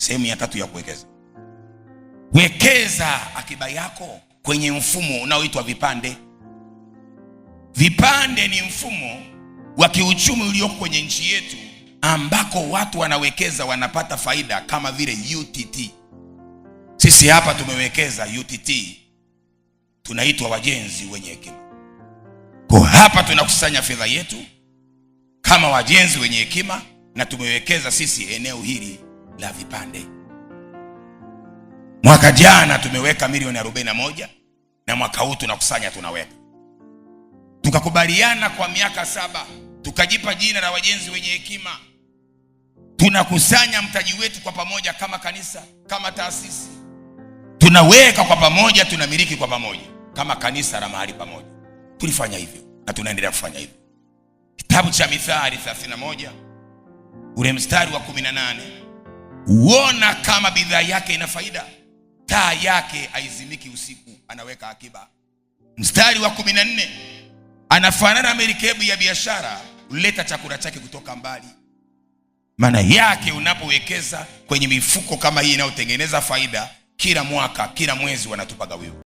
Sehemu ya tatu ya kuwekeza, wekeza akiba yako kwenye mfumo unaoitwa vipande. Vipande ni mfumo wa kiuchumi ulioko kwenye nchi yetu ambako watu wanawekeza wanapata faida kama vile UTT. Sisi hapa tumewekeza UTT, tunaitwa wajenzi wenye hekima. Kwa hapa tunakusanya fedha yetu kama wajenzi wenye hekima, na tumewekeza sisi eneo hili la vipande. Mwaka jana tumeweka milioni 41 na moja na mwaka huu tunakusanya tunaweka. Tukakubaliana kwa miaka saba, tukajipa jina la wajenzi wenye hekima. Tunakusanya mtaji wetu kwa pamoja, kama kanisa, kama taasisi, tunaweka kwa pamoja, tunamiliki kwa pamoja, kama kanisa la mahali pamoja. Tulifanya hivyo na tunaendelea kufanya hivyo. Kitabu cha Mithali 31 ule mstari wa 18 huona kama bidhaa yake ina faida. Taa yake haizimiki usiku, anaweka akiba. Mstari wa kumi na nne anafanana merikebu ya biashara, huleta chakula chake kutoka mbali. Maana yake unapowekeza kwenye mifuko kama hii inayotengeneza faida kila mwaka, kila mwezi wanatupa gawio.